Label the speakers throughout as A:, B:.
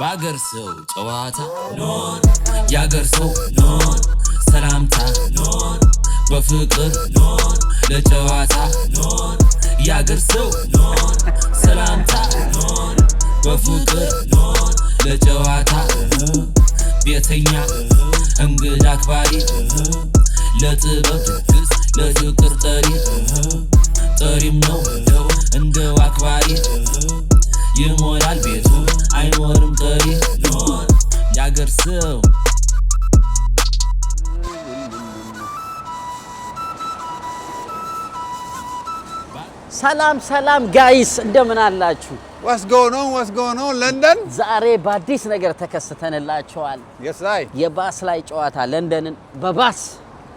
A: በአገር ሰው ጨዋታ የአገር ሰው ሰላምታ በፍቅር ለጨዋታ የአገር ሰው ሰላምታ በፍቅር ለጨዋታ ቤተኛ እንግዳ አክባሪ ለጥበብ ግዝ ለፍቅር ጠሪ ጠሪም ነው እንደው አክባሪ ይሞላል ቤቱ አይኖርም ቀሪ ኖር ያገር ሰው ሰላም ሰላም ጋይስ እንደምን አላችሁ?
B: ወስጎኖ ወስጎኖ ለንደን
A: ዛሬ በአዲስ ነገር ተከስተንላቸዋል። የባስ ላይ ጨዋታ ለንደንን በባስ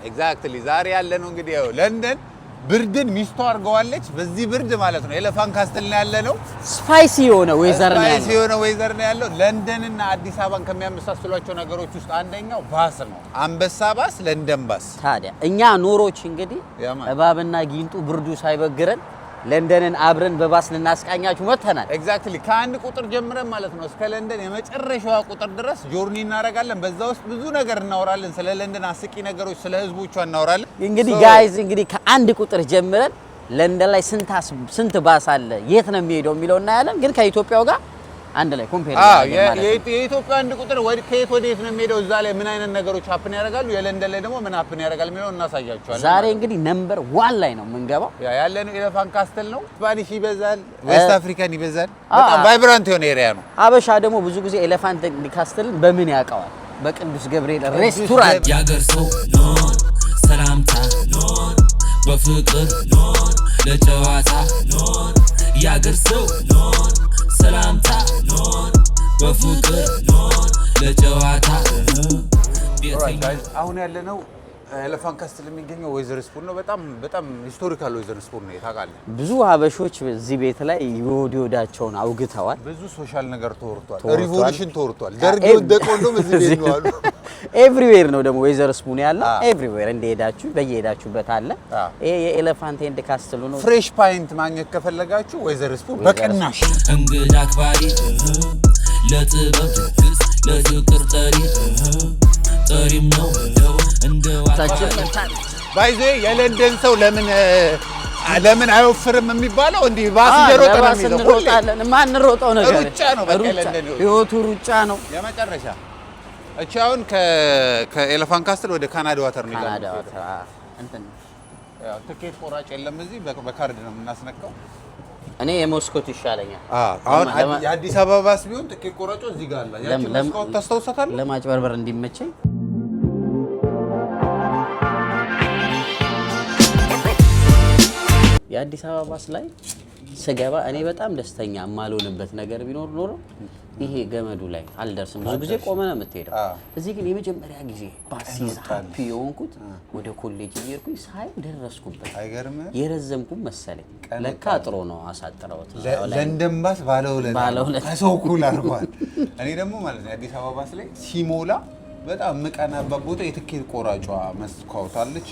B: ኤግዛክትሊ ዛሬ ያለነው እንግዲህ ያው ለንደን ብርድን ሚስቱ አድርገዋለች። በዚህ ብርድ ማለት ነው ኤሌፋንት ካስትል ነው ያለ ነው።
A: ስፓይሲ የሆነ ወይዘር
B: ነው ያለው፣ የሆነ ወይዘር ነው ያለው። ለንደንና አዲስ አበባን ከሚያመሳስሏቸው ነገሮች ውስጥ አንደኛው ባስ ነው። አንበሳ ባስ፣ ለንደን ባስ።
A: ታዲያ እኛ ኖሮች እንግዲህ እባብና ጊንጡ ብርዱ ሳይበግረን ለንደንን አብረን በባስ ልናስቃኛችሁ መጥተናል።
B: ኤግዛክትሊ ከአንድ ቁጥር ጀምረን ማለት ነው እስከ ለንደን የመጨረሻዋ ቁጥር ድረስ ጆርኒ እናደርጋለን። በዛ ውስጥ ብዙ ነገር እናወራለን። ስለ ለንደን አስቂ ነገሮች፣ ስለ ህዝቦቿ እናወራለን።
A: እንግዲህ ጋይዝ እንግዲህ ከአንድ ቁጥር ጀምረን ለንደን ላይ ስንት ባስ አለ፣ የት ነው የሚሄደው የሚለው እናያለን። ግን ከኢትዮጵያው ጋር አንድ ላይ ኮምፔር
B: የኢትዮጵያ አንድ ቁጥር ከየት ወደ ነው የሚሄደው? እዛ ላይ ምን አይነት ነገሮች ሀፕን ያደርጋሉ? የለንደን ላይ ደግሞ ምን ሀፕን ያደርጋል የሚለውን እናሳያቸዋለን።
A: ዛሬ እንግዲህ ነምበር ዋን ላይ ነው የምንገባው።
B: ያለነው ኤሌፋንት ካስተል ነው። ስፓኒሽ ይበዛል፣ ዌስት አፍሪካን ይበዛል። በጣም ቫይብራንት የሆነ ኤሪያ ነው።
A: አበሻ ደግሞ ብዙ ጊዜ ኤሌፋንት ካስተልን በምን ያውቀዋል? በቅዱስ ገብርኤል ሬስቶራንት ያገር ሰው ኖን ሰላምታ ኖን በፍቅር ኖን ለጨዋታ ኖን
B: ያገር ሰው ኖን ሰላምታ በፍቅር ለጨዋታ አሁን ያለነው ኤሌፋንት ካስትል የሚገኘው ወይዘር ስፑር ነው። በጣም በጣም ሂስቶሪካል ወይዘር ስፑር ነው። ታውቃለህ
A: ብዙ ሀበሾች እዚህ ቤት ላይ የወድ ወዳቸውን አውግተዋል።
B: ብዙ ሶሻል ነገር ተወርቷል፣ ሪቮሉሽን ተወርቷል። ደርግ ወደቀው እንደውም እዚህ ቤት ነው አሉ።
A: ኤቭሪዌር ነው ደግሞ ወይዘር ስፑን ያለው ኤቭሪዌር፣ እንደሄዳችሁ በየሄዳችሁበት አለ። ይሄ የኤሌፋንት ኤንድ ካስትሉ ነው።
B: ፍሬሽ ፓይንት ማግኘት ከፈለጋችሁ ወይዘር ስፑር በቅናሽ እንግዳ አክባሪ ለጥበብ ድግስ ለፍቅር ጠሪ ጠሪም ነው እንደባይዞ የለንደን ሰው ለምን ለምን አይወፍርም የሚባለው እንዲህ ባስ እየሮጠ ነው የሚለው።
A: የማንሮጠው
B: ነገር ሩጫ ነው፣ በቃ
A: ህይወቱ ሩጫ ነው።
B: የመጨረሻ እቺ አሁን ከኤሌፋንት ካስትል ወደ ካናዳ ዋተር ነው ይላል። ትኬት ቆራጭ የለም እዚህ፣ በካርድ ነው የምናስነካው።
A: እኔ የሞስኮት ይሻለኛል።
B: አሁን የአዲስ አበባ ባስ ቢሆን ጥቂት ቆረጮ እዚህ ጋር አለ። ታስታውሳታለህ?
A: ለማጭበርበር እንዲመቸኝ የአዲስ አበባ ባስ ላይ ስገባ እኔ በጣም ደስተኛ የማልሆንበት ነገር ቢኖር ኖሮ ይሄ ገመዱ ላይ አልደርስም። ብዙ ጊዜ ቆመ ነው የምትሄደው። እዚህ ግን የመጀመሪያ ጊዜ ባሲስ የሆንኩት ወደ ኮሌጅ እየሄድኩኝ ሳይ ደረስኩበት። የረዘምኩም መሰለኝ። ለካ ጥሮ ነው አሳጥረውት።
B: ለንደን ባስ ባለውለት ከሰው እኩል አድርጓል። እኔ ደግሞ ማለት ነው የአዲስ አበባ ባስ ላይ ሲሞላ በጣም የምቀናበት ቦታ የትኬት ቆራጯ መስኮት አለቻ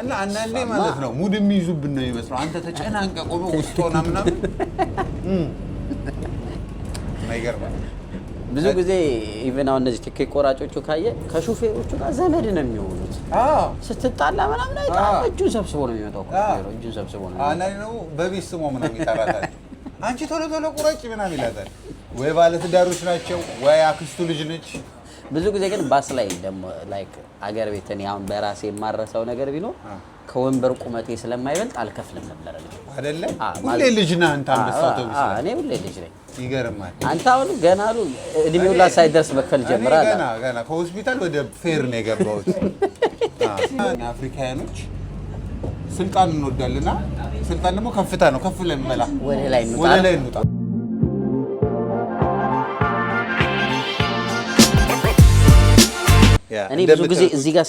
B: እና አንዳንዴ ማለት ነው ሙድ የሚይዙብን ነው የሚመስለው። አንተ ተጨናንቀ ቆመ ውስጥ ሆና ምናምን ይገርማል።
A: ብዙ ጊዜ ኢቨን አሁን እነዚህ ትኬት ቆራጮቹ ካየ ከሹፌሮቹ ጋር ዘመድ ነው የሚሆኑት። ስትጣላ ምናምን አይጣም፣ እጁን ሰብስቦ ነው የሚመጣው። እጁን ሰብስቦ
B: ነው አንዳንዴ በቤት ስሞ ምናምን ይጠራታል። አንቺ ቶሎ ቶሎ ቁረጭ ምናምን ይላታል። ወይ ባለትዳሮች ናቸው ወይ አክስቱ ልጅ ነች።
A: ብዙ ጊዜ ግን ባስ ላይ ደሞ ላይክ አገር ቤትን እኔ በራሴ የማረሰው ነገር ቢኖር ከወንበር ቁመቴ ስለማይበልጥ አልከፍልም ነበር።
B: አይደለ ሁሌ ልጅ ና አንተ። አንበሳ
A: እኔ ሁሌ ልጅ ነኝ። ይገርማል። አንተ አሁን ገና አሉ እድሜው ላ ሳይደርስ መክፈል ጀምራል።
B: ገና ገና ከሆስፒታል ወደ ፌር ነው የገባሁት። አፍሪካውያኖች ስልጣን እንወዳልና ስልጣን ደግሞ ከፍታ ነው። ከፍ ላይ
A: ወደ ላይ እንውጣ። እኔ ብዙ ጊዜ እዚህ ጋር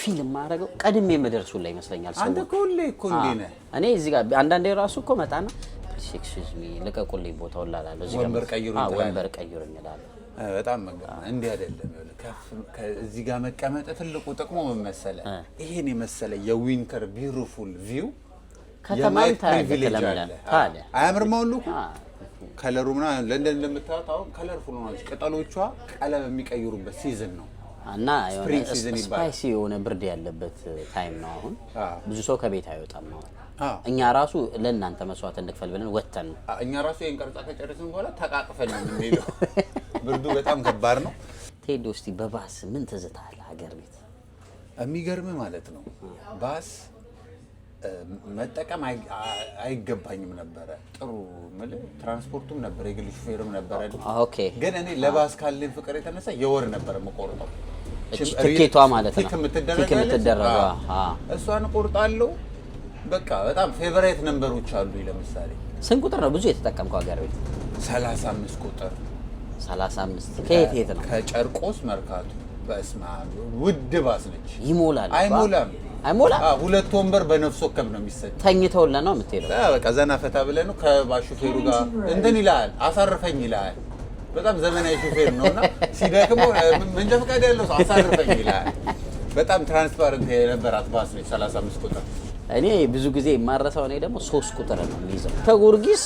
A: ፊል የማደርገው ቀድሜ የምደርሱ ላይ ይመስለኛል።
B: አንተ እኮ ሁሌ እኮ እንዲህ ነህ።
A: እኔ እዚህ ጋር አንዳንዴ ራሱ እኮ መጣና ኤክስኪውዝ ሚ ልቀቁልኝ፣ ቦታው ወንበር ቀይሩ እንላለሁ።
B: በጣም እንዲህ አይደለም። ጋር መቀመጥ ትልቁ ጥቅሙ ምን ይሄን የመሰለ የዊንተር ቢዩቲፉል ቪው ከተማን ታያለህ። አያምርም? ከለሩ ምናምን ለንደን እንደምታወጣው ከለርፉል ቅጠሎቿ ቀለም የሚቀይሩበት ሲዝን ነው።
A: እና ስፓይሲ የሆነ ብርድ ያለበት ታይም uh, ነው። አሁን ብዙ ሰው ከቤት አይወጣም ነው። እኛ ራሱ ለእናንተ መስዋዕት እንክፈል ብለን ወተን ነው።
B: እኛ ራሱ ይህን ቀርጻ ከጨረስን በኋላ ተቃቅፈን ነው የሚሄደው ብርዱ በጣም ከባድ ነው።
A: ቴዶ ውስጥ በባስ ምን ትዝታለህ? ሀገር ቤት
B: የሚገርም ማለት ነው። ባስ መጠቀም አይገባኝም ነበረ። ጥሩ የምልህ ትራንስፖርቱም ነበረ፣ የግል ሹፌርም ነበረ። ግን እኔ ለባስ ካለኝ ፍቅር የተነሳ የወር ነበር የምቆርጠው
A: ትኬቷ ማለት ነው። ትክ የምትደረገ
B: እሷን ቆርጣለሁ። በቃ በጣም ፌቨራይት ነምበሮች አሉ። ለምሳሌ
A: ስንት ቁጥር ነው ብዙ የተጠቀምከው? ሀገር ቤት
B: 35 ቁጥር
A: 35 ከየት የት ነው?
B: ከጨርቆስ መርካቶ። በስመ አብ ውድ ባስ ነች። ይሞላል አይሞላም? አይሞላም። ሁለት ወንበር በነፍስ ወከብ ነው የሚሰጥ።
A: ተኝተውልህ ነው የምትሄደው።
B: በቃ ዘና ፈታ ብለህ ነው ከባሹፌሩ ጋር እንትን ይልሃል፣ አሳርፈኝ ይላል። በጣም ዘመናዊ ሾፌር ነው እና ሲደክሞ መንጃ ፈቃድ ያለው ሰው አሳርፈኝ ይላል። በጣም ትራንስፓረንት የነበራት ባስ ነች 35 ቁጥር።
A: እኔ ብዙ ጊዜ የማረሰው እኔ ደግሞ ሶስት ቁጥር ነው የሚይዘው ከጉርጊስ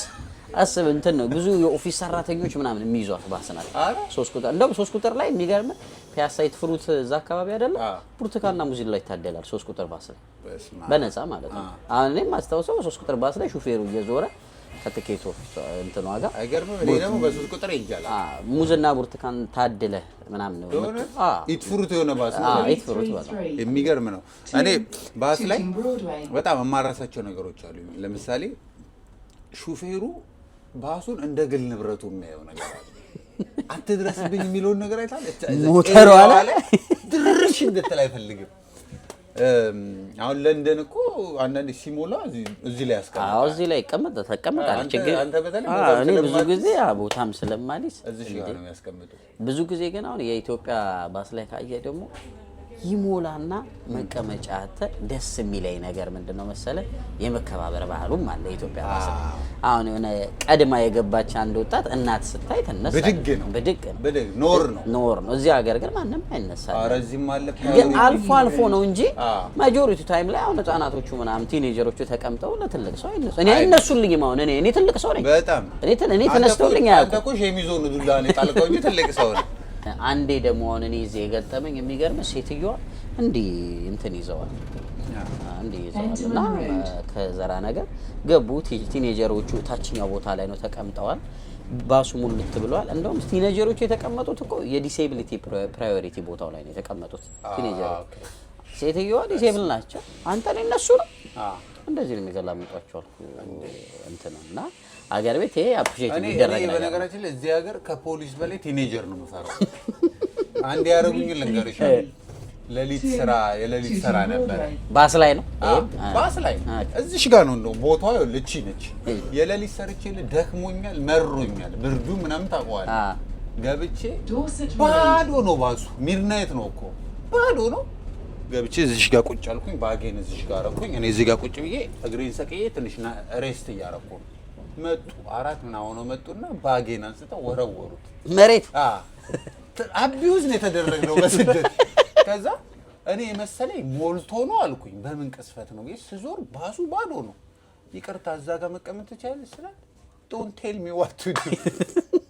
A: አስብ እንትን ነው ብዙ የኦፊስ ሰራተኞች ምናምን የሚይዟት ባስ ናት። ሶስት ቁጥር እንደውም ሶስት ቁጥር ላይ የሚገርም ፒያሳይት ፍሩት እዛ አካባቢ አይደለም ብርቱካንና ሙዚል ላይ ይታደላል። ሶስት ቁጥር ባስ ላይ በነፃ ማለት ነው። አሁን እኔም አስታውሰው ሶስት ቁጥር ባስ ላይ ሹፌሩ እየዞረ ከትኬት እንትን ዋጋ
B: አይገርምም። እኔ ደግሞ በሶስት ቁጥር ይጃል
A: ሙዝና ብርቱካን ታድለ ምናምን
B: ኢትፍሩት የሆነ ባስ ኢትፍሩት የሚገርም ነው። እኔ ባስ ላይ በጣም የማራሳቸው ነገሮች አሉ። ለምሳሌ ሹፌሩ ባሱን እንደ ግል ንብረቱ የሚያየው ነገር አለ። አትድረስብኝ የሚለውን ነገር አይታል
A: ሞተሯ ላይ
B: ድርሽ እንድትል አይፈልግም አሁን ለንደን እኮ አንዳንዴ ሲሞላ እዚህ ላይ
A: ያስቀምጣል። እዚህ ላይ ይቀመጣል፣ ተቀመጣለች። ችግር እኔ ብዙ ጊዜ ቦታም ስለማሊስ ብዙ ጊዜ ግን አሁን የኢትዮጵያ ባስ ላይ ካየ ደግሞ ይሞላና መቀመጫ አተ ደስ የሚለኝ ነገር ምንድን ነው መሰለ፣ የመከባበር ባህሉም አለ ኢትዮጵያ ራስ። አሁን የሆነ ቀድማ የገባች አንድ ወጣት እናት ስታይ ትነሳ፣ ብድግ ነው ብድግ ኖር ነው ኖር ነው። እዚህ ሀገር ግን ማንም አይነሳል። ግን አልፎ አልፎ ነው እንጂ ማጆሪቲ ታይም ላይ አሁን ህጻናቶቹ ምናምን ቲኔጀሮቹ ተቀምጠው ለትልቅ ሰው አይነሱ። እኔ አይነሱልኝ ማሆን እኔ እኔ ትልቅ ሰው ነኝ። በጣም እኔ እኔ ተነስተውልኝ
B: አያውቁም። ሸሚዞን ዱላ ጣልቀው እንጂ ትልቅ ሰው ነኝ
A: አንዴ ደግሞ አሁን እኔ እዚህ የገጠመኝ የሚገርም ሴትዮዋ እንዲህ እንትን ይዘዋል እንዲህ ይዘዋል እና ከዘራ ነገር ገቡ። ቲኔጀሮቹ ታችኛው ቦታ ላይ ነው ተቀምጠዋል። ባሱ ሙልት ብለዋል። እንደውም ቲኔጀሮቹ የተቀመጡት እኮ የዲሴቢሊቲ ፕራዮሪቲ ቦታው ላይ ነው የተቀመጡት ቲኔጀሮች ሴትዮዋ ዲሴብል ናቸው። አንተ አንተን እነሱ ነው እንደዚህ ነው የሚገላምጧቸው አልኩ እንትን እና አገር ቤት ይሄ አፕሪሼት
B: የሚደረግ በነገራችን ላይ እዚህ ሀገር ከፖሊስ በላይ ቲኔጀር ነው የምፈራው። አንድ ያደረጉኝ ልንገርሽ፣ ሌሊት ስራ የሌሊት ስራ ነበረ። ባስ ላይ ነው ባስ ላይ እዚሽ ጋር ነው እንደው ቦታ ልቺ ነች። የሌሊት ሰርቼ ደክሞኛል፣ መሮኛል፣ ብርዱ ምናምን ታውቀዋለህ። ገብቼ ባዶ ነው ባሱ፣ ሚድናይት ነው እኮ ባዶ ነው ገብቼ እዚሽ ጋር ቁጭ አልኩኝ። ባጌን እዚህ ጋር አረኩኝ። እኔ እዚህ ጋር ቁጭ ብዬ እግሬን ሰቅዬ ትንሽ ሬስት እያረኩ ነው። መጡ አራት ምናምን ሆኖ መጡና ባጌን አንስተው ወረወሩት መሬት። አቢውዝ ነው የተደረግነው በስደት ከዛ እኔ የመሰለኝ ሞልቶ ነው አልኩኝ። በምን ቅስፈት ነው ስዞር ባሱ ባዶ ነው። ይቅርታ እዛ ጋር መቀመጥ ትችላለህ ስላል ዶንት ቴል ሚ ዋት ቱ ዱ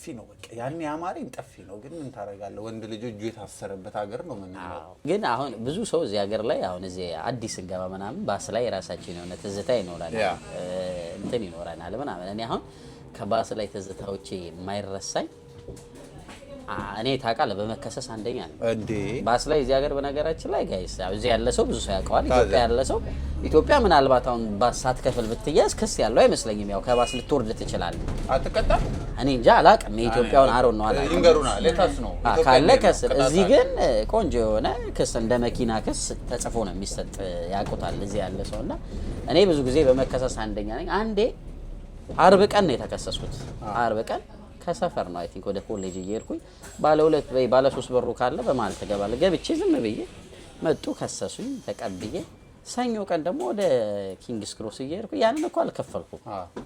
B: ጠፊ ነው። በቃ ያኔ አማረኝ ጠፊ ነው። ግን ምን ታደርጋለህ? ወንድ ልጅ እጁ የታሰረበት ሀገር ነው። ምን
A: ግን አሁን ብዙ ሰው እዚህ ሀገር ላይ አሁን እዚህ አዲስ ስንገባ ምናምን ባስ ላይ የራሳችን የሆነ ትዝታ ይኖራል፣ እንትን ይኖረናል ምናምን። እኔ አሁን ከባስ ላይ ትዝታዎቼ የማይረሳኝ እኔ ታውቃለህ፣ በመከሰስ አንደኛ ነው እንዴ ባስ ላይ እዚህ ሀገር። በነገራችን ላይ ጋይስ፣ እዚህ ያለ ሰው ብዙ ሰው ያውቀዋል። ኢትዮጵያ ያለ ሰው ኢትዮጵያ ምናልባት አሁን ባስ ሳትከፍል ብትያዝ ክስ ያለው አይመስለኝም። ያው ከባስ ልትወርድ ትችላለህ፣ አትቀጣም። እኔ እንጃ አላውቅም፣ የኢትዮጵያውን አሮን ነው ነው ካለ ከስ። እዚህ ግን ቆንጆ የሆነ ክስ እንደ መኪና ክስ ተጽፎ ነው የሚሰጥ፣ ያውቁታል እዚህ ያለ ሰው። እና እኔ ብዙ ጊዜ በመከሰስ አንደኛ ነኝ። አንዴ አርብ ቀን ነው የተከሰስኩት፣ አርብ ቀን ከሰፈር ነው አይ ቲንክ ወደ ኮሌጅ እየሄድኩኝ ባለ ሁለት ወይ ባለ ሶስት በሩ ካለ በመሀል ትገባለህ። ገብቼ ዝም ብዬ መጡ፣ ከሰሱኝ፣ ተቀብዬ ሰኞ ቀን ደግሞ ወደ ኪንግስ ክሮስ እየሄድኩ ያንን እኮ አልከፈልኩ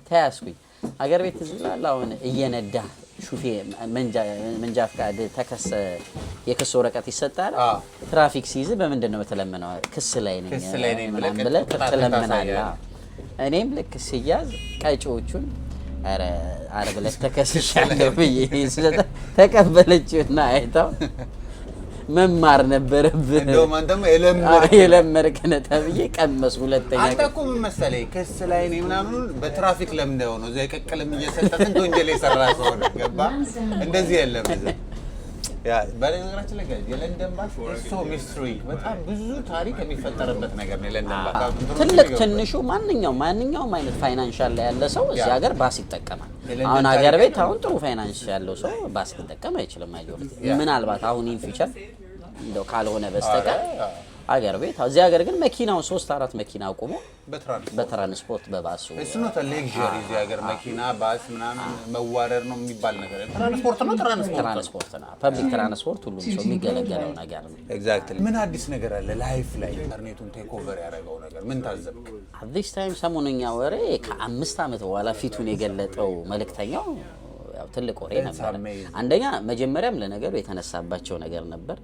A: ተያዝኩኝ። አገር ቤት ትዝ ይልሃል። አሁን እየነዳ ሹፌ መንጃ ፍቃድ ተከሰ የክስ ወረቀት ይሰጣል። ትራፊክ ሲይዝ በምንድን ነው በተለመነው ክስ ላይ ነኝ ብለህ ትለምናለህ። እኔም ልክ ስያዝ ቀጪዎቹን አረ ብለሽ ተከስሻለሁ ብዬ ተቀበለችውና አይተው መማር ነበረብህ የለመርክ ነህ ተብዬ ቀመስ። ሁለተኛ
B: አንተ እኮ ምን መሰለኝ ክስ ላይ እኔ ምናምን በትራፊክ ለምደው ነው እዚያ የቀቅልም እየሰጠትን ወንጀል የሰራ ሰው ገባ እንደዚህ የለም በነገራችን ላይ የለንደን ባንክ ሶ ሚስትሪ በጣም ብዙ ታሪክ የሚፈጠርበት ነገር ነው። የለንደን
A: ባንክ ትልቅ ትንሹ፣ ማንኛውም ማንኛውም አይነት ፋይናንሻል ላይ ያለ ሰው እዚህ ሀገር ባስ ይጠቀማል። አሁን ሀገር ቤት አሁን ጥሩ ፋይናንስ ያለው ሰው ባስ ሊጠቀም አይችልም። አየሁት ምናልባት አሁን ኢን ፊውቸር እንደው ካልሆነ በስተቀር አገር ቤት እዚህ ሀገር ግን መኪናው ሶስት አራት መኪና አቁሞ በትራንስፖርት በባሱ
B: እሱ ነው ሌክዥሪ እዚህ ሀገር መኪና ባስ ምናምን መዋረር ነው የሚባል ነገር ትራንስፖርት ነው ትራንስፖርት ትራንስፖርት ነው
A: ፐብሊክ ትራንስፖርት ሁሉም ሰው የሚገለገለው ነገር ነው ኤግዛክትሊ
B: ምን አዲስ ነገር አለ ላይፍ ላይ ኢንተርኔቱን ቴክ ኦቨር ያደረገው ነገር ምን ታዘብክ
A: አዲስ ታይም ሰሞኑኛ ወሬ ከአምስት ዓመት በኋላ ፊቱን የገለጠው መልእክተኛው ያው ትልቅ ወሬ ነበር አንደኛ መጀመሪያም ለነገሩ የተነሳባቸው ነገር ነበር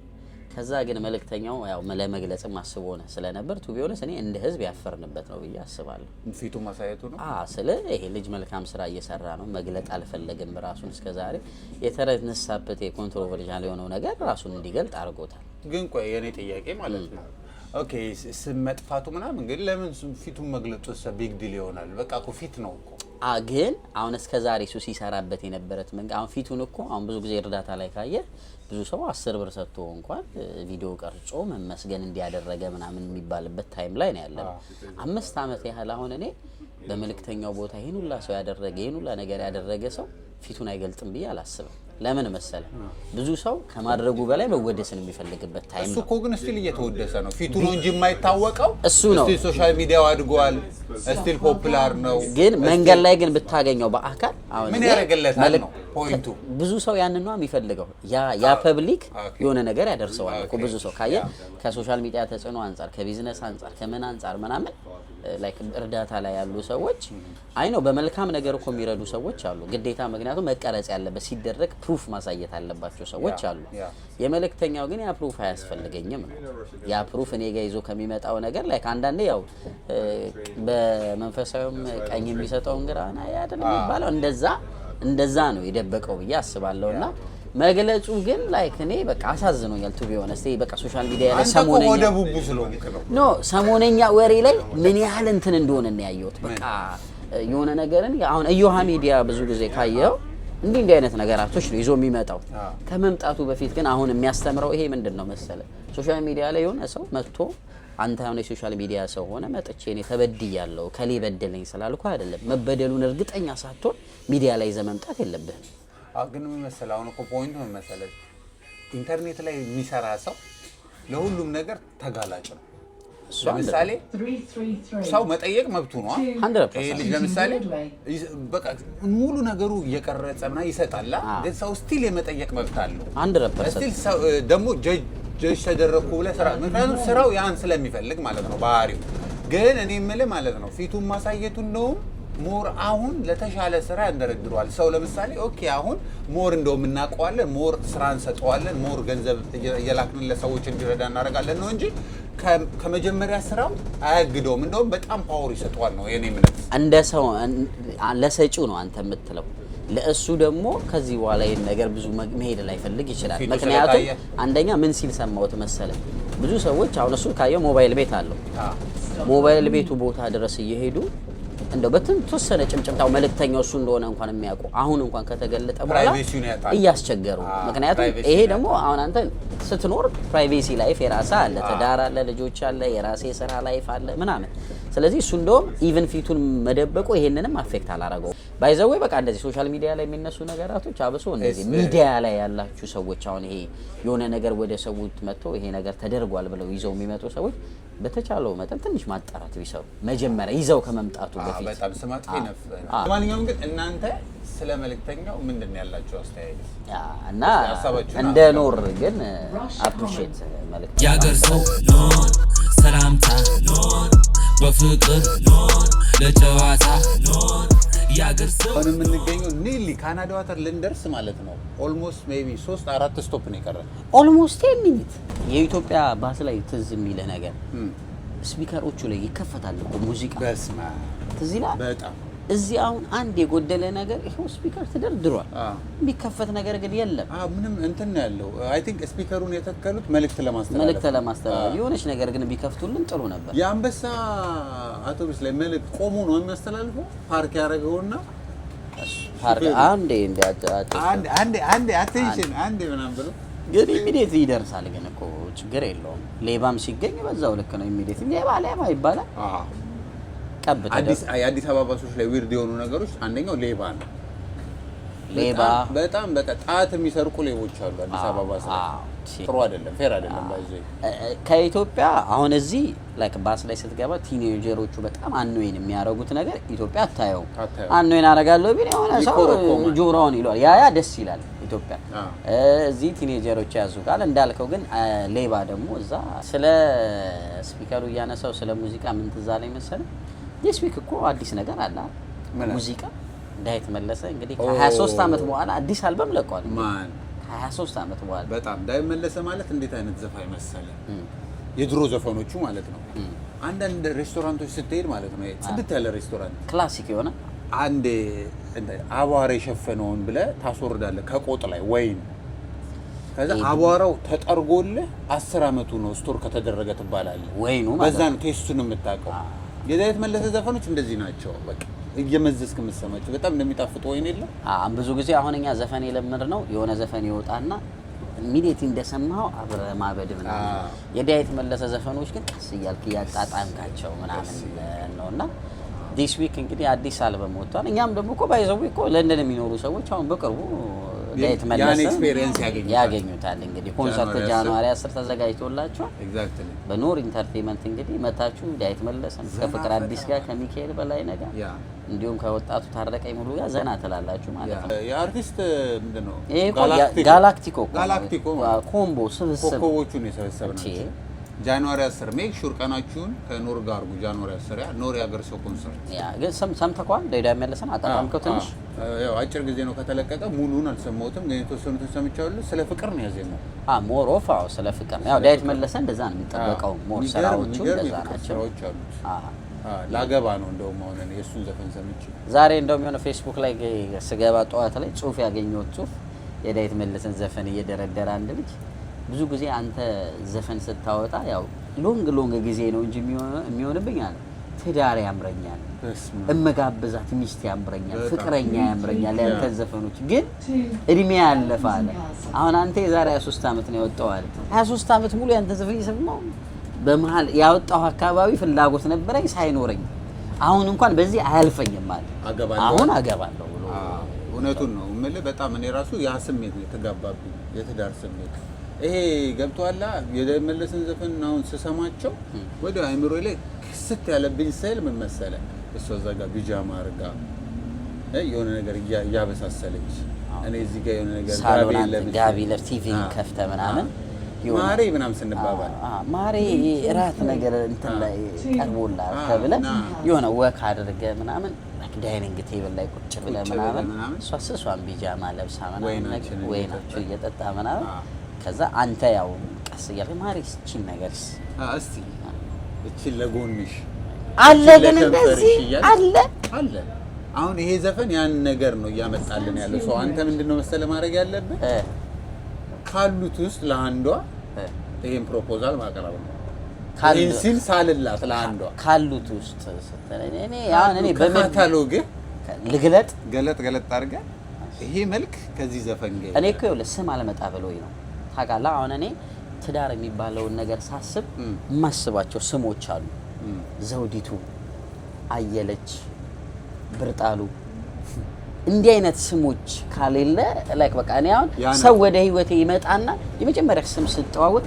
A: ከዛ ግን መልእክተኛው ያው ለመግለጽም አስቦ ሆነ ስለነበር ቱ ቢሆነስ እኔ እንደ ህዝብ ያፈርንበት ነው ብዬ አስባለሁ።
B: ፊቱ ማሳየቱ ነው
A: ስለ ይሄ ልጅ መልካም ስራ እየሰራ ነው፣ መግለጥ አልፈለግም ራሱን። እስከዛሬ የተነሳበት የኮንትሮቨርዣል የሆነው ነገር ራሱን እንዲገልጥ አድርጎታል።
B: ግን ቆይ የእኔ ጥያቄ ማለት ነው ኦኬ ስም መጥፋቱ ምናምን ግን ለምን ፊቱን መግለጡ ቢግ ዲል ይሆናል? በቃ እኮ ፊት ነው እኮ
A: ግን አሁን እስከ ዛሬ እሱ ሲሰራበት የነበረት መንገድ አሁን ፊቱን እኮ አሁን ብዙ ጊዜ እርዳታ ላይ ካየ ብዙ ሰው አስር ብር ሰጥቶ እንኳን ቪዲዮ ቀርጾ መመስገን እንዲያደረገ ምናምን የሚባልበት ታይም ላይ ነው ያለን። አምስት ዓመት ያህል አሁን እኔ በመልእክተኛው ቦታ ይህን ሁላ ሰው ያደረገ ይህን ሁላ ነገር ያደረገ ሰው ፊቱን አይገልጥም ብዬ አላስብም። ለምን መሰለ ብዙ ሰው ከማድረጉ በላይ መወደስን የሚፈልግበት
B: ታይም ነው። እሱ እኮ ግን ስቲል እየተወደሰ ነው። ፊቱ ነው እንጂ የማይታወቀው እሱ ነው። ስቲል ሶሻል ሚዲያው አድጓል፣ ስቲል ፖፑላር ነው።
A: ግን መንገድ ላይ ግን ብታገኘው በአካል
B: አሁን ምን ያደርግለታል ነው ፖይንቱ።
A: ብዙ ሰው ያንን ነው የሚፈልገው። ያ ያ ፐብሊክ የሆነ ነገር ያደርሰዋል እኮ ብዙ ሰው ካየ ከሶሻል ሚዲያ ተጽዕኖ አንጻር፣ ከቢዝነስ አንጻር፣ ከምን አንጻር ምናምን ላይክ እርዳታ ላይ ያሉ ሰዎች አይ ነው በመልካም ነገር እኮ የሚረዱ ሰዎች አሉ፣ ግዴታ ምክንያቱም መቀረጽ ያለበት ሲደረግ ፕሩፍ ማሳየት አለባቸው ሰዎች አሉ። የመልእክተኛው ግን ያ ፕሩፍ አያስፈልገኝም ነው። ያ ፕሩፍ እኔ ጋ ይዞ ከሚመጣው ነገር ላይክ አንዳንዴ ያው በመንፈሳዊም ቀኝ የሚሰጠውን ግራ አይደለም የሚባለው እንደዛ እንደዛ ነው የደበቀው ብዬ አስባለሁ እና መግለጹ ግን ላይክ እኔ በቃ አሳዝኖኛል። ቱ ቢሆነ ስ በቃ ሶሻል ሚዲያ
B: ላይ ሰሞነኛ
A: ሰሞነኛ ወሬ ላይ ምን ያህል እንትን እንደሆነ ነው በቃ የሆነ ነገርን አሁን እዮሃ ሚዲያ ብዙ ጊዜ ካየው እንዲህ እንዲህ አይነት ነገራቶች ነው ይዞ የሚመጣው። ከመምጣቱ በፊት ግን አሁን የሚያስተምረው ይሄ ምንድን ነው መሰለ ሶሻል ሚዲያ ላይ የሆነ ሰው መጥቶ አንተ አሁን የሶሻል ሚዲያ ሰው ሆነ መጥቼ እኔ ተበድያለሁ ከሌ በደለኝ ስላልኩ አይደለም። መበደሉን እርግጠኛ ሳትሆን ሚዲያ ላይ ይዘህ መምጣት የለብህም።
B: ግን መሰለህ አሁን እኮ ፖይንቱ ምን መሰለህ ኢንተርኔት ላይ የሚሰራ ሰው ለሁሉም ነገር ተጋላጭ ነው። ለምሳሌ ሰው መጠየቅ መብቱ ነው። ልጅ ለምሳሌ በቃ ሙሉ ነገሩ እየቀረጸ ምናምን ይሰጣላ፣ ግን ሰው ስቲል የመጠየቅ መብት አለው። ስቲል ደግሞ ጀጅ ተደረግኩ ብለህ ስራ ምክንያቱም ስራው ያን ስለሚፈልግ ማለት ነው ባህሪው። ግን እኔ የምልህ ማለት ነው ፊቱን ማሳየቱ እንደውም ሞር አሁን ለተሻለ ስራ ያንደረድሯል። ሰው ለምሳሌ ኦኬ አሁን ሞር እንደውም እናውቀዋለን፣ ሞር ስራ እንሰጠዋለን፣ ሞር ገንዘብ እየላክን ለሰዎች እንዲረዳ እናደርጋለን ነው እንጂ ከመጀመሪያ ስራው አያግደውም። እንደውም በጣም ፓወር ይሰጠዋል ነው የኔ እምነት።
A: እንደ ሰው ለሰጪው ነው አንተ የምትለው ለእሱ ደግሞ ከዚህ በኋላ ይህን ነገር ብዙ መሄድ ላይፈልግ ይችላል። ምክንያቱም አንደኛ ምን ሲል ሰማሁት መሰለ ብዙ ሰዎች አሁን እሱ ካየው ሞባይል ቤት አለው ሞባይል ቤቱ ቦታ ድረስ እየሄዱ እንደው በትን ተወሰነ ጭምጭምታው መልእክተኛው እሱ እንደሆነ እንኳን የሚያውቁ አሁን እንኳን ከተገለጠ በኋላ እያስቸገሩ፣ ምክንያቱም ይሄ ደግሞ አሁን አንተ ስትኖር ፕራይቬሲ ላይፍ የራስህ አለ፣ ትዳር አለ፣ ልጆች አለ፣ የራሴ የስራ ላይፍ አለ ምናምን። ስለዚህ እሱ እንደውም ኢቨን ፊቱን መደበቁ ይሄንንም አፌክት አላረገው። ወይ በቃ እንደዚህ ሶሻል ሚዲያ ላይ የሚነሱ ነገራቶች አብሶ እንደዚህ ሚዲያ uh, ላይ ያላችሁ ሰዎች አሁን ይሄ የሆነ ነገር ወደ ሰውት መጥቶ ይሄ ነገር ተደርጓል ብለው ይዘው የሚመጡ ሰዎች በተቻለው መጠን ትንሽ ማጣራት ቢሰሩ መጀመሪያ ይዘው ከመምጣቱ
B: በፊት በጣም ስማጥ አጥፊ ማንኛውም ግን እናንተ ስለ መልእክተኛው ምንድን ያላችሁ አስተያየት
A: እና እንደ ኖር ግን አፕሪሼት መልእክት ያገር ሰው ሰላምታ ኖር
B: በፍቅር ኖር ለጨዋታ ኖር ያገር አሁን የምንገኘው ኒሊ ካናዳ ዋተር ልንደርስ ማለት ነው። ኦልሞስት ሶስት አራት ስቶፕ ነው የቀረ።
A: ኦልሞስት ሚኒት የኢትዮጵያ ባስ ላይ ትዝ የሚለ ነገር ስፒከሮቹ ላይ ይከፈታል ሙዚቃ። በስመ አብ ትዝ ይላል በጣም እዚህ አሁን አንድ የጎደለ ነገር ይኸው ስፒከር ተደርድሯል። የሚከፈት ነገር ግን የለም።
B: ምንም እንትን ያለው አይ ቲንክ ስፒከሩን የተከሉት መልእክት ለማስተላለፍ
A: መልእክት ለማስተላለፍ የሆነች ነገር ግን ቢከፍቱልን ጥሩ ነበር።
B: የአንበሳ አውቶቡስ ላይ መልእክት ቆሞ ነው የሚያስተላልፈው። ፓርክ ያደረገውና አንዴ አቴንሽን አንዴ ምናምን ብሎ
A: ግን ኢሚዲየት ይደርሳል። ግን እኮ ችግር የለውም። ሌባም ሲገኝ በዛው ልክ ነው ኢሚዲየት ሌባ ሌባ ይባላል።
B: ቀብተው የአዲስ አበባ ባሶች ላይ ዊርድ የሆኑ ነገሮች አንደኛው ሌባ ነው። ሌባ በጣም በቃ ጣት የሚሰርቁ ሌቦች አሉ። አዲስ አበባ ባስ ጥሩ አይደለም፣ ፌር አይደለም።
A: ከኢትዮጵያ አሁን እዚህ ላይክ ባስ ላይ ስትገባ ቲኔጀሮቹ በጣም አንዌን የሚያደርጉት ነገር ኢትዮጵያ አታየው። አንዌን አደርጋለሁ ቢል የሆነ ሰው ጆሮውን ይሏል። ያ ያ ደስ ይላል። ኢትዮጵያ እዚህ ቲኔጀሮች ያዙ ቃል እንዳልከው፣ ግን ሌባ ደግሞ እዛ። ስለ ስፒከሩ እያነሳው ስለ ሙዚቃ ምን ትዝ አለኝ መሰለህ ዲስ ዊክ እኮ አዲስ ነገር አለ ሙዚቃ ዳዊት መለሰ እንግዲህ ከ23 ዓመት በኋላ አዲስ አልበም ለቋል። ማን ከ23 ዓመት በኋላ
B: በጣም ዳዊት መለሰ ማለት እንዴት አይነት ዘፋኝ መሰለ የድሮ ዘፈኖቹ ማለት ነው። አንዳንድ ሬስቶራንቶች ስትሄድ ማለት ነው ጽድት ያለ ሬስቶራንት ክላሲክ የሆነ አንድ አቧራ የሸፈነውን ብለ ታስወርዳለህ ከቆጥ ላይ ወይን ከዛ አቧራው ተጠርጎልህ አስር አመቱ ነው ስቶር ከተደረገ ትባላለህ። ወይኑ በዛ ነው ቴስቱን የምታውቀው የዳዊት መለሰ ዘፈኖች እንደዚህ ናቸው። በቃ እየመዘዝክ የምትሰማቸው በጣም እንደሚጣፍጡ ወይን የለም።
A: ብዙ ጊዜ አሁን እኛ ዘፈን የለምድ ነው የሆነ ዘፈን ይወጣና ሚዲየት እንደሰማው አብረ ማበድ ምናምን። የዳዊት መለሰ ዘፈኖች ግን ቀስ እያልክ እያጣጣምካቸው ምናምን ነውና ዲስ ዊክ እንግዲህ አዲስ አልበም ወጥቷል። እኛም ደግሞ እኮ ባይዘው እኮ ለንደን የሚኖሩ ሰዎች አሁን በቅርቡ ያገኙታል። እንግዲህ ኮንሰርት ጃንዋሪ አስር ተዘጋጅቶላቸዋል። በኖር ኢንተርቴንመንት እንግዲህ መታችሁ ዳዊት መለሰ ከፍቅር አዲስ ጋር ከሚካኤል በላይ ነገ እንዲሁም ከወጣቱ ታረቀኝ ሙሉ ጋር ዘና ትላላችሁ ማለት
B: ነው። የአርቲስት ምንድን ነው
A: ጋላክቲኮ ኮምቦ
B: ስብስብ ኮከቦቹን የሰበሰብ ናቸው ጃንዋሪ 10 ሜክ ሹር ቀናችሁን ከኖር ጋር አድርጉ። ጃንዋሪ 10 ያ ኖር ያገር ሰው ኮንሰርት
A: ያ ግን ሰም ሰምተኳል። ዳይዳ መለሰን አጣጣምከው ትንሽ
B: ያው አጭር ጊዜ ነው ከተለቀቀ ሙሉን አልሰማሁትም፣ ግን የተወሰኑትን ሰምቻለሁ። ስለ ፍቅር ነው ያዜመው።
A: አዎ ሞር ኦፍ አዎ፣ ስለ ፍቅር ያው ዳይት መለሰ እንደዛ ነው የሚጠበቀው። ሞር ስራዎቹ
B: እንደዛ ናቸው። አዎ ላገባ ነው እንደውም አሁን የእሱን ዘፈን ሰምቼ
A: ዛሬ እንደውም የሆነ ፌስቡክ ላይ ስገባ ጠዋት ላይ ጽሁፍ ያገኘሁት ጽሁፍ የዳይት መለሰን ዘፈን እየደረደረ አንድ ልጅ ብዙ ጊዜ አንተ ዘፈን ስታወጣ ያው ሎንግ ሎንግ ጊዜ ነው እንጂ የሚሆንብኝ አለ ትዳር ያምረኛል፣ እመጋበዛት ሚስት ያምረኛል፣ ፍቅረኛ ያምረኛል። ያንተ ዘፈኖች ግን እድሜ ያለፈ አለ። አሁን አንተ የዛሬ 23 ዓመት ነው ያወጣው አለ 23 ዓመት ሙሉ ያንተ ዘፈን እየሰማሁ በመሀል ያወጣሁ አካባቢ ፍላጎት ነበረኝ ሳይኖረኝ አሁን እንኳን በዚህ አያልፈኝም አለ። አሁን አገባለሁ
B: ብሎ እውነቱን ነው የምልህ። በጣም እኔ ራሱ ያ ስሜት ነው የተጋባብኝ የትዳር ስሜት ይሄ ገብቷላ የመለስን ዘፈን አሁን ስሰማቸው ወደ አይምሮ ላይ ክስት ያለብኝ ስል ምን መሰለ እሷ እዛ ጋር ቢጃማ አድርጋ የሆነ ነገር እያበሳሰለች፣ እኔ እዚህ ጋር የሆነ
A: ነገር ጋቢ ለብስ፣ ቲቪ ከፍተ ምናምን
B: ማሬ ምናምን ስንባባል
A: ማሬ እራት ነገር እንትን ላይ ቀርቦልሃል ተብለ የሆነ ወክ አድርገ ምናምን ዳይኒንግ ቴብል ላይ ቁጭ ብለ ምናምን እሷ ስሷን ቢጃማ ለብሳ ምናምን ወይናቸው እየጠጣ ምናምን ከዛ አንተ ያው ቀስ እያልክ ማሪ እቺን ነገርስ
B: እስቲ እቺን ለጎንሽ
A: አለ ግን እንደዚህ አለ
B: አለ አሁን ይሄ ዘፈን ያን ነገር ነው እያመጣልን ያለው ሰው። አንተ ምንድነው መሰለ ማድረግ ያለብን ካሉት ውስጥ ለአንዷ ይሄን ፕሮፖዛል ማቅረብ ነው። ይህን ሲል ሳልላት ለአንዷ
A: ካሉት ውስጥ እኔ
B: ልግለጥ ገለጥ ገለጥ አድርገህ ይሄ መልክ ከዚህ ዘፈን ጋር
A: እኔ እኮ ስም አልመጣ ብሎኝ ነው ታውቃለህ። አሁን እኔ ትዳር የሚባለውን ነገር ሳስብ የማስባቸው ስሞች አሉ። ዘውዲቱ፣ አየለች፣ ብርጣሉ እንዲህ አይነት ስሞች ከሌለ ላይክ በቃ እኔ አሁን ሰው ወደ ህይወቴ ይመጣና የመጀመሪያ ስም ስጠዋወቅ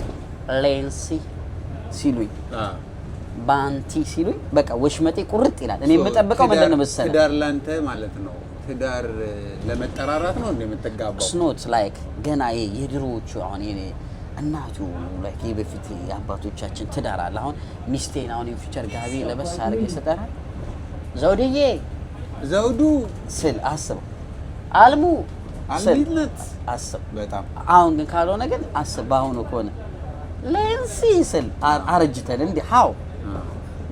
A: ሌንሲ ሲሉኝ ባንቲ ሲሉኝ በቃ ወሽመጤ ቁርጥ ይላል። እኔ የምጠብቀው
B: ምንድን ነው መሰለህ ትዳር ላንተ ማለት ነው ትዳር ለመጠራራት ነው እንደምትጋባው
A: ስኖት ላይክ ገና የድሮዎቹ አሁን እናቱ ላይክ የበፊት የአባቶቻችን ትዳር አለ። አሁን ሚስቴን አሁን የፊቸር ጋቢ ለበስ አድርጌ ስጠራ ዘውድዬ ዘውዱ ስል አስብ አልሙ
B: አልሚነት አስብ በጣም
A: አሁን ግን ካልሆነ ግን አስብ በአሁኑ ከሆነ ሌንሲ ስል አረጅተን እንዲህ ሀው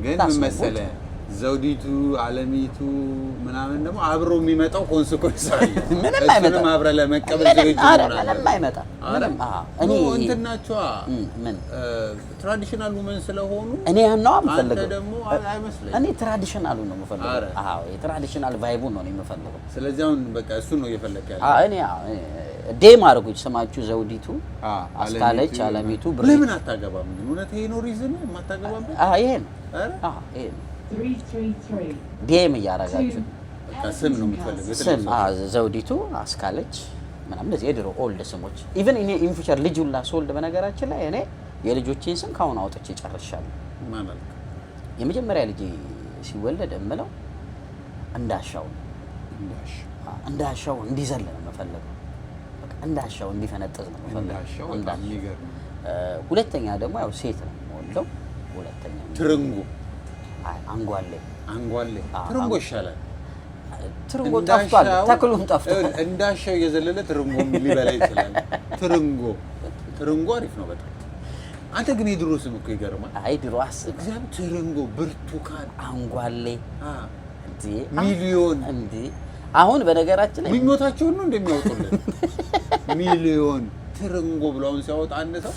B: ግን መሰለህ ዘውዲቱ አለሚቱ ምናምን ደግሞ አብሮ የሚመጣው ኮንስኮንስ አለ።
A: ምንም አይመጣም።
B: አብረህ ለመቀበል
A: ዝግጁ ምንም አይመጣም።
B: ምንም እኔ እንትን ምን ትራዲሽናል ውመን ስለሆኑ እኔ ያን ነው የምፈልገው። ደግሞ አይመስለኝም።
A: እኔ ትራዲሽናሉ ነው የምፈልገው። አዎ የትራዲሽናል ቫይቡ ነው
B: የምፈልገው። ስለዚህ አሁን በቃ እሱ ነው እየፈለግ
A: ያለ እኔ ዴም አድርጎች ስማችሁ ዘውዲቱ አስካለች አለሚቱ
B: ብር ለምን አታገባም? እውነት ይሄ ነው ሪዝን የማታገባበት
A: ይሄ ነው ይሄ ነው ዲኤም እያረጋችሁ ስም ነው ስም ዘውዲቱ አስካለች ምናምን እዚህ የድሮ ኦልድ ስሞች ኢቨን እኔ ኢንፊቸር ልጅ ሁላ በነገራችን ላይ እኔ የልጆችን ስም ከአሁን አውጥቼ ጨርሻለሁ። የመጀመሪያ ልጅ ሲወለድ እምለው እንዳሻው እንዳሻው እንዲዘል ነው የምፈልገው። እንዳሻው እንዲፈነጥዝ ነው
B: የምፈልገው።
A: ሁለተኛ ደግሞ ያው ሴት ነው የምወልደው። ሁለተኛ ትርንጉ አንጓሌ
B: አንጓሌ ትርንጎ ይሻላል።
A: ትርንጎ ጠፍቷል፣ ተክሉም ጠፍቷል።
B: እንዳሻው እየዘለለ ትርንጎ ሊበላ ይችላል። ትርንጎ ትርንጎ አሪፍ ነው በጣም አንተ ግን የድሮ ስም እኮ ይገርማል።
A: አይ ድሮ አስብ
B: እግዚአብሔር ትርንጎ፣ ብርቱካን፣ አንጓሌ እንዴ ሚሊዮን
A: እንዴ አሁን በነገራችን ላይ
B: ምኞታቸውን ነው እንደሚያወጡልን ሚሊዮን ትርንጎ ብሎ አሁን ሲያወጣ ሰው።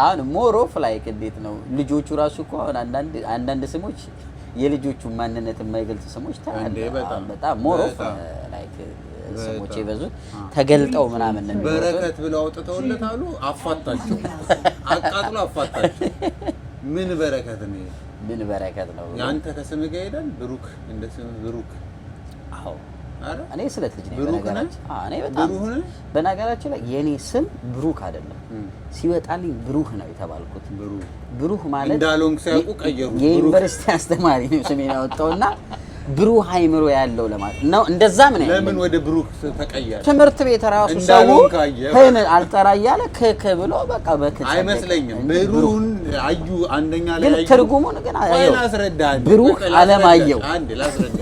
A: አሁን ሞሮፍ ላይክ እንዴት ነው ልጆቹ ራሱ እኮ አሁን አንዳንድ ስሞች የልጆቹ ማንነት የማይገልጽ ስሞች በጣም ሞሮፍ ላይክ ስሞች የበዙት ተገልጠው ምናምን
B: ነው። በረከት ብለው አውጥተውለታሉ። አፋታቸው አቃጥሎ አፋታቸው። ምን በረከት ነው?
A: ምን በረከት ነው?
B: ያንተ ከስም ጋር ሄዳል። ብሩክ እንደ ስም ብሩክ
A: አዎ እኔ ስለት ልጅ ነኝ። በነገራችን ላይ የኔ ስም ብሩክ አይደለም፣ ሲወጣልኝ ብሩህ ነው የተባልኩት። ብሩህ ማለት የዩኒቨርሲቲ አስተማሪ ነው ስሜን ያወጣውና ብሩህ አይምሮ ያለው ለማለት ነው። እንደዛ ምን
B: ለምን ወደ ብሩክ ተቀየረ?
A: ትምህርት ቤት ራሱ ሰው ከነ አልጠራ እያለ ከከ ብሎ በቃ በከ
B: አይመስለኝም። ብሩህን አዩ አንደኛ ላይ አዩ። ትርጉሙን ግን አዩ
A: ብሩህ አለማየሁ
B: አንድ ላስረዳ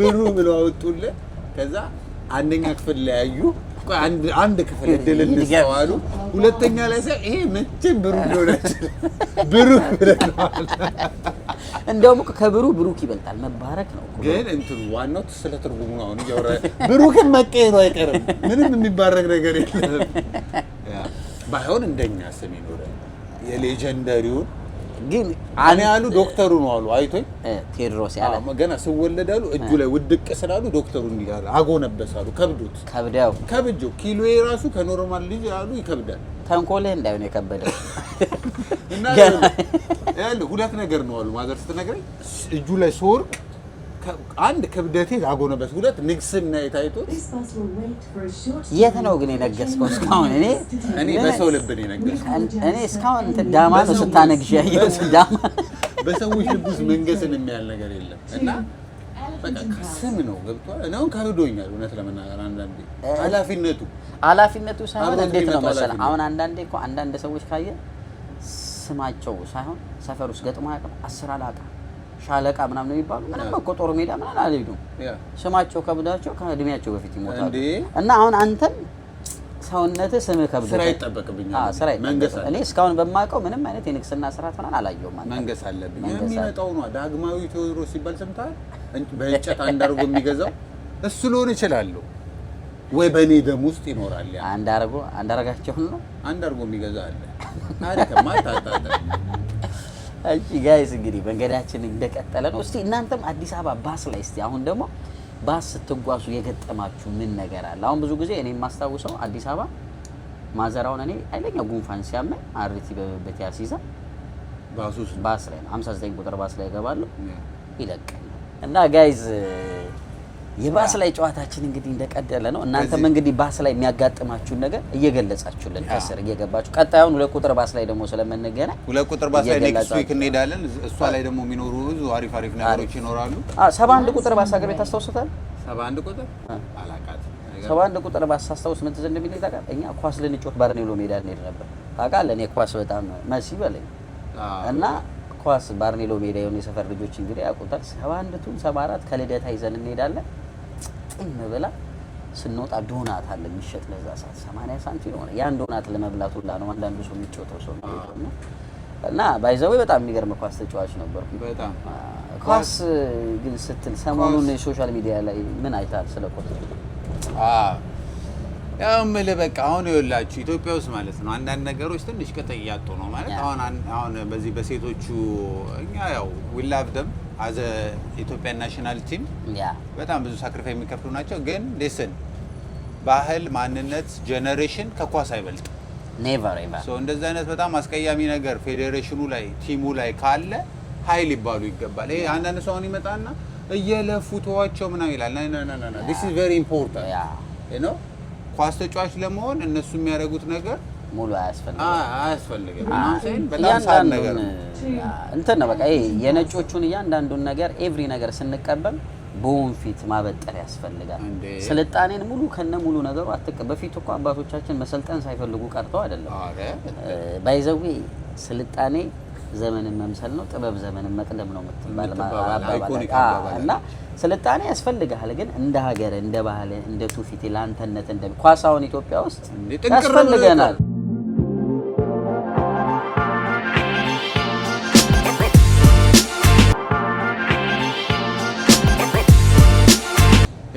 B: ብሩህ ብሎ አወጡልህ ከዛ አንደኛ ክፍል ለያዩ አንድ ክፍል እድል እንሰዋሉ። ሁለተኛ ላይ ሰው ይሄ መቼም ብሩ ሊሆን ብሩ ብሩክ ብለነዋል።
A: እንደውም ከብሩ ብሩክ ይበልጣል። መባረክ ነው
B: ግን እንትኑ ዋናው ስለ ትርጉሙ ነው። አሁን እያወራ ብሩክን መቀየሩ አይቀርም። ምንም የሚባረክ ነገር የለም። ባይሆን እንደኛ ስም ይኖረ የሌጀንደሪውን ግን እኔ አሉ ዶክተሩ ነው አሉ አይቶኝ ቴድሮስ ያለ ገና ስወለድ አሉ እጁ ላይ ውድቅ ስላሉ ዶክተሩ እንዲህ አለ አጎነበስ አሉ ከብዶት ከብደው ከብጆ ኪሎ የራሱ ከኖርማል ልጅ አሉ ይከብዳል።
A: ተንኮልህ እንዳይሆን የከበደው
B: እና ሁለት ነገር ነው አሉ ማዘር ስትነግረኝ እጁ ላይ ስወርቅ አንድ ክብደቴ አጎነበስ፣ ሁለት ንግስና የታይቶት
A: የት ነው ግን የነገስከው? እስካሁን እኔ
B: እኔ በሰው ልብ ነው የነገስከው።
A: እኔ እስካሁን እንትን ዳማ ነው ስታነግሽ ያየሁት። ዳማ
B: በሰዎች ልብ ውስጥ መንገስን የሚያል ነገር የለም እና ስም ነው ገብቷል። እኔ አሁን ከብዶኛል፣ እውነት ለመናገር አንዳንዴ ኃላፊነቱ
A: ኃላፊነቱ ሳይሆን እንዴት ነው መሰለህ፣ አሁን አንዳንዴ እኮ አንዳንድ ሰዎች ካየህ ስማቸው ሳይሆን ሰፈር ውስጥ ገጥሞ አያውቅም፣ አስር አላውቅም ሻለቃ ምናምን የሚባሉ ምንም እኮ ጦር ሜዳ ምናምን አልሄዱም። ስማቸው ከብዳቸው ከእድሜያቸው በፊት ይሞታሉ። እና አሁን አንተም ሰውነትህ ስምህ ከብዶ እኔ እስካሁን በማውቀው ምንም አይነት የንግስና ስርዓት ምናምን አላየሁም።
B: መንገስ አለብኝ የሚመጣው ነ ዳግማዊ ቴዎድሮስ ሲባል ሰምተሃል? በእንጨት አንድ አድርጎ የሚገዛው እሱ ሊሆን ይችላሉ ወይ በእኔ ደም ውስጥ ይኖራል።
A: አንድ አድርጎ አንድ አድርጋቸውን ነው
B: አንድ አድርጎ የሚገዛ አለ። ታሪከማ
A: ታታ እሺ ጋይስ እንግዲህ መንገዳችን እንደቀጠለ ነው። እስቲ እናንተም አዲስ አበባ ባስ ላይ እስቲ አሁን ደግሞ ባስ ስትጓዙ የገጠማችሁ ምን ነገር አለ? አሁን ብዙ ጊዜ እኔ የማስታውሰው አዲስ አበባ ማዘራውን እኔ አይለኛ ጉንፋን ሲያመኝ አርቲ በበት ያስይዛ ባስ ላይ ነው 59 ቁጥር ባስ ላይ እገባለሁ ይለቀኛል እና ጋይዝ የባስ ላይ ጨዋታችን እንግዲህ እንደቀደለ ነው። እናንተም እንግዲህ ባስ ላይ የሚያጋጥማችሁን ነገር እየገለጻችሁልን ከስር እየገባችሁ ቀጣዩን ሁለት ቁጥር ባስ ላይ ደግሞ ስለምንገናኝ
B: ሁለት ቁጥር ባስ ላይ ኔክስት ዊክ እንሄዳለን። እሷ ላይ ደግሞ የሚኖሩ ብዙ አሪፍ አሪፍ ነገሮች ይኖራሉ።
A: ሰባ አንድ ቁጥር ባስ አገር ቤት ታስታውሱታል?
B: ሰባ አንድ ቁጥር አላቃት።
A: ሰባ አንድ ቁጥር ባስ አስታውስ ምን ትዝ እንደሚል ታውቃለህ? እኛ ኳስ ልንጮት ባርኔሎ ሜዳ እንሄድ ነበር። ታውቃለህ? እኔ ኳስ በጣም መሲ በለኝ እና ኳስ ባርኔሎ ሜዳ የሆነ የሰፈር ልጆች እንግዲህ ያውቁታል። ሰባ አንድቱን ሰባ አራት ከልደታ ይዘን እንሄዳለን ግጥም ብላ ስንወጣ ዶናት አለ የሚሸጥ ለዛ ሰዓት ሰማንያ ሳንቲም ሆነ። ያን ዶናት ለመብላት ሁላ ነው አንዳንዱ ሰው የሚጮተው ሰው እና ባይዘዌ በጣም የሚገርም ኳስ ተጫዋች ነበርኩ። በጣም ኳስ ግን ስትል ሰሞኑን ሶሻል ሚዲያ ላይ ምን አይታል ስለ ኳስ?
B: ያው የምልህ በቃ አሁን ይኸውላችሁ ኢትዮጵያ ውስጥ ማለት ነው አንዳንድ ነገሮች ትንሽ ቅጥ እያጡ ነው ማለት አሁን አሁን በዚህ በሴቶቹ እኛ ያው ዊ ላቭ ደም አዘ ኢትዮጵያን ናሽናል ቲም በጣም ብዙ ሳክሪፋይ የሚከፍሉ ናቸው። ግን ሌስን ባህል፣ ማንነት፣ ጀነሬሽን ከኳስ አይበልጥ። እንደዚህ አይነት በጣም አስቀያሚ ነገር ፌዴሬሽኑ ላይ ቲሙ ላይ ካለ ሀይል ይባሉ ይገባል። ይሄ አንዳንድ ሰው አሁን ይመጣና እየለፉ ተዋቸው ምናምን ይላል። ዲስ ኢዝ ቬሪ ኢምፖርታንት ኳስ ተጫዋች ለመሆን እነሱ የሚያደርጉት ነገር ሙሉ አያስፈልግም።
A: እንትን ነው በቃ የነጮቹን እያንዳንዱን ነገር ኤቭሪ ነገር ስንቀበል በውን ፊት ማበጠር ያስፈልጋል። ስልጣኔን ሙሉ ከነ ሙሉ ነገሩ አትቀ በፊት እኮ አባቶቻችን መሰልጠን ሳይፈልጉ ቀርተው አይደለም። ባይዘዌ ስልጣኔ ዘመንን መምሰል ነው፣ ጥበብ ዘመንን መቅደም ነው
B: የምትባል እና
A: ስልጣኔ ያስፈልግሃል፣ ግን እንደ ሀገር፣ እንደ ባህል፣ እንደ ትውፊት ለአንተነት እንደ ኳሳውን ኢትዮጵያ ውስጥ ያስፈልገናል።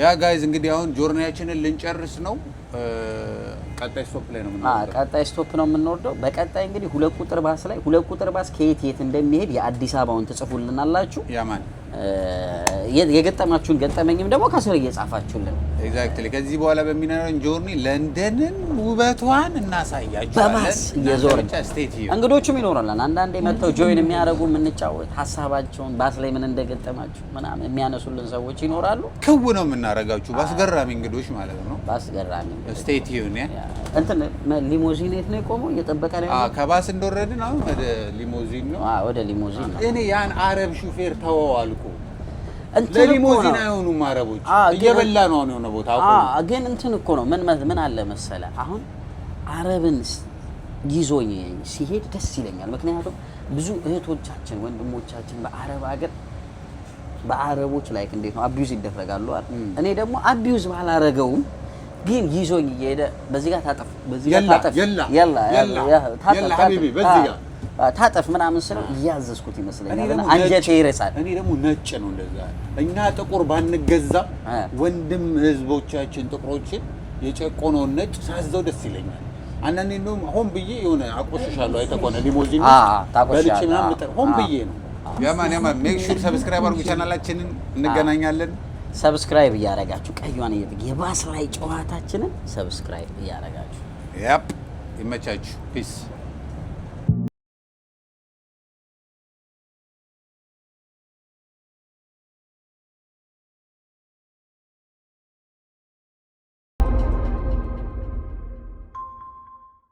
B: ያ ጋይዝ እንግዲህ አሁን ጆርኒያችንን ልንጨርስ ነው። ቀጣይ ስቶፕ ላይ ነው
A: የምንወርደው። ቀጣይ ስቶፕ ነው የምንወርደው። በቀጣይ እንግዲህ ሁለት ቁጥር ባስ ላይ ሁለት ቁጥር ባስ ከየት የት እንደሚሄድ የአዲስ አበባውን ትጽፉልናላችሁ። ያማን የገጠማችሁን ገጠመኝም ደግሞ ከስር እየጻፋችሁልን
B: ኤግዛክትሊ። ከዚህ በኋላ በሚኖረን ጆርኒ ለንደንን ውበቷን እናሳያችኋለን።
A: እንግዶቹም ይኖራለን። አንዳንዴ መጥተው ጆይን የሚያደርጉ የምንጫወት ሀሳባቸውን ባስ ላይ ምን እንደገጠማችሁ ምናምን የሚያነሱልን ሰዎች ይኖራሉ።
B: ክው ነው የምናደርጋችሁ በአስገራሚ እንግዶች ማለት
A: ነው። በአስገራሚ ስቴት እንትን ሊሞዚን የት ነው የቆመው? እየጠበቀ ነው።
B: ከባስ እንደወረድን አሁን ወደ ሊሞዚን ነው
A: ወደ ሊሞዚን ነው።
B: እኔ ያን አረብ ሹፌር ተወዋሉ ለሊሞዚን አይሆኑም። አረቦች እየበላ ነው አሁን የሆነ ቦታ
A: ግን እንትን እኮ ነው ምን ምን አለ መሰለ አሁን አረብን ይዞኝ ሲሄድ ደስ ይለኛል። ምክንያቱም ብዙ እህቶቻችን ወንድሞቻችን በአረብ ሀገር በአረቦች ላይ እንዴት ነው አቢዩዝ ይደረጋሉ። እኔ ደግሞ አቢዩዝ ባላረገውም ግን ይዞኝ እየሄደ በዚህ ጋር ታጠፍ፣
B: በዚህ ጋር ታጠፍ፣ የላ የላ ታጠፍ
A: ታጠፍ ምናምን ስለው እያዘዝኩት ይመስለኛል። አንጀቴ ይረሳል።
B: እኔ ደግሞ ነጭ ነው እንደዛ። እኛ ጥቁር ባንገዛ ወንድም ህዝቦቻችን ጥቁሮችን የጨቆነውን ነጭ ሳዘው ደስ ይለኛል። አንዳንዴ እንደውም ሆን ብዬ የሆነ አቆሽሻለሁ። አይተህ ከሆነ ሊሞዚን በልቼ ምናምን ሆን ብዬ ነው። ያማን ያማን ሜክ ሹር ሰብስክራይብ አድርጉ፣ ቻናላችንን እንገናኛለን።
A: ሰብስክራይብ እያረጋችሁ ቀዩን እየጥቅ የባስ ላይ ጨዋታችንን ሰብስክራይብ እያረጋችሁ
B: ያፕ ይመቻችሁ። ፒስ